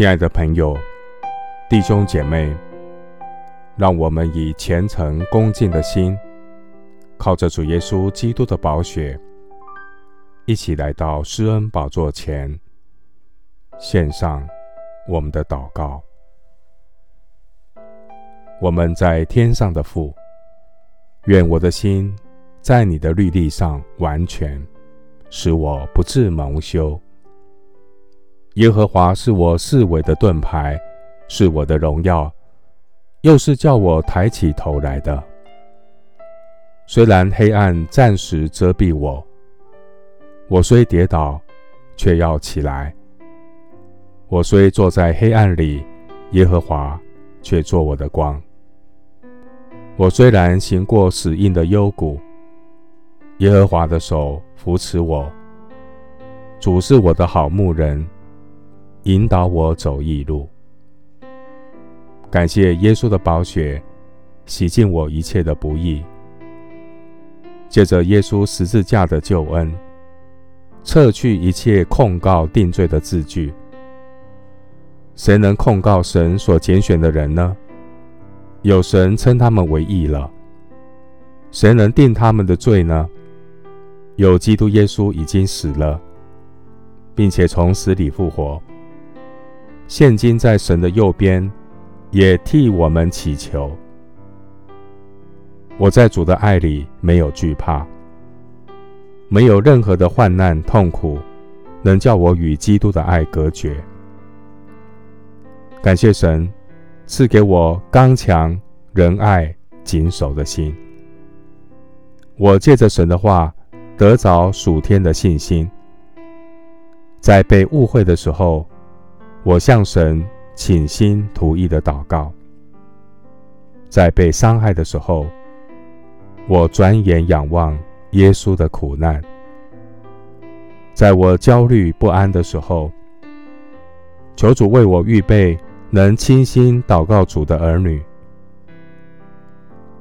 親愛的朋友、弟兄姐妹，讓我們以虔誠恭敬的心，靠着主耶穌基督的寶血，一起來到施恩寶座前，獻上我們的禱告。我們在天上的父，願我的心在你的律例上完全，使我不至蒙羞。耶和華是我四圍的盾牌，是我的榮耀，又是叫我抬起頭來的。雖然黑暗暫時遮蔽我，我雖跌倒，卻要起來；我雖坐在黑暗裡，耶和華卻作我的光。我雖然行過死蔭的幽谷，耶和華的手扶持我，主是我的好牧人。引導我走義路，感謝耶穌的寶血洗淨我一切的不義。借着耶穌十字架的救恩，撤去一切控告定罪的字句。誰能控告神所揀選的人呢？有神稱他們為義了。誰能定他們的罪呢？有基督耶穌已經死了，並且從死裡復活。現今在神的右邊，也替我們祈求。我在主的愛裡沒有懼怕，沒有任何的患難痛苦，能叫我與基督的愛隔絕。感謝神，賜給我剛強、仁愛、謹守的心。我借着神的話，得着屬天的信心，在被誤會的時候。我向神傾心吐意的禱告，在被傷害的時候，我轉眼仰望耶穌的苦難；在我焦慮不安的時候，求主為我預備能傾心禱告主的兒女。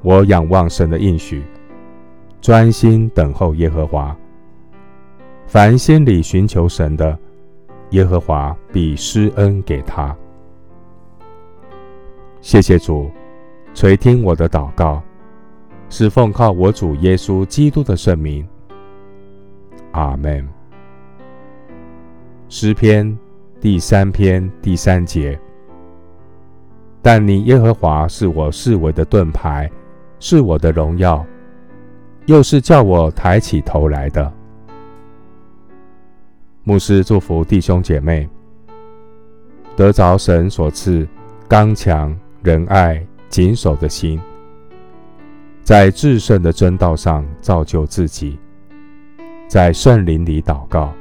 我仰望神的應許，專心等候耶和華。凡心裡尋求神的，耶和華必施恩給他。謝謝主，垂聽我的禱告。是奉靠我主耶穌基督的聖名。阿門。詩篇第三篇第三節：但你耶和華是我四圍的盾牌，是我的榮耀，又是叫我抬起頭來的。牧師祝福弟兄姐妹，得着神所賜剛強、仁愛、謹守的心，在至聖的真道上造就自己，在聖靈裡禱告，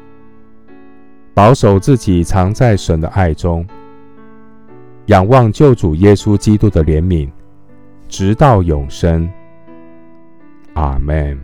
保守自己藏在神的愛中，仰望救主耶穌基督的憐憫，直到永生。阿們。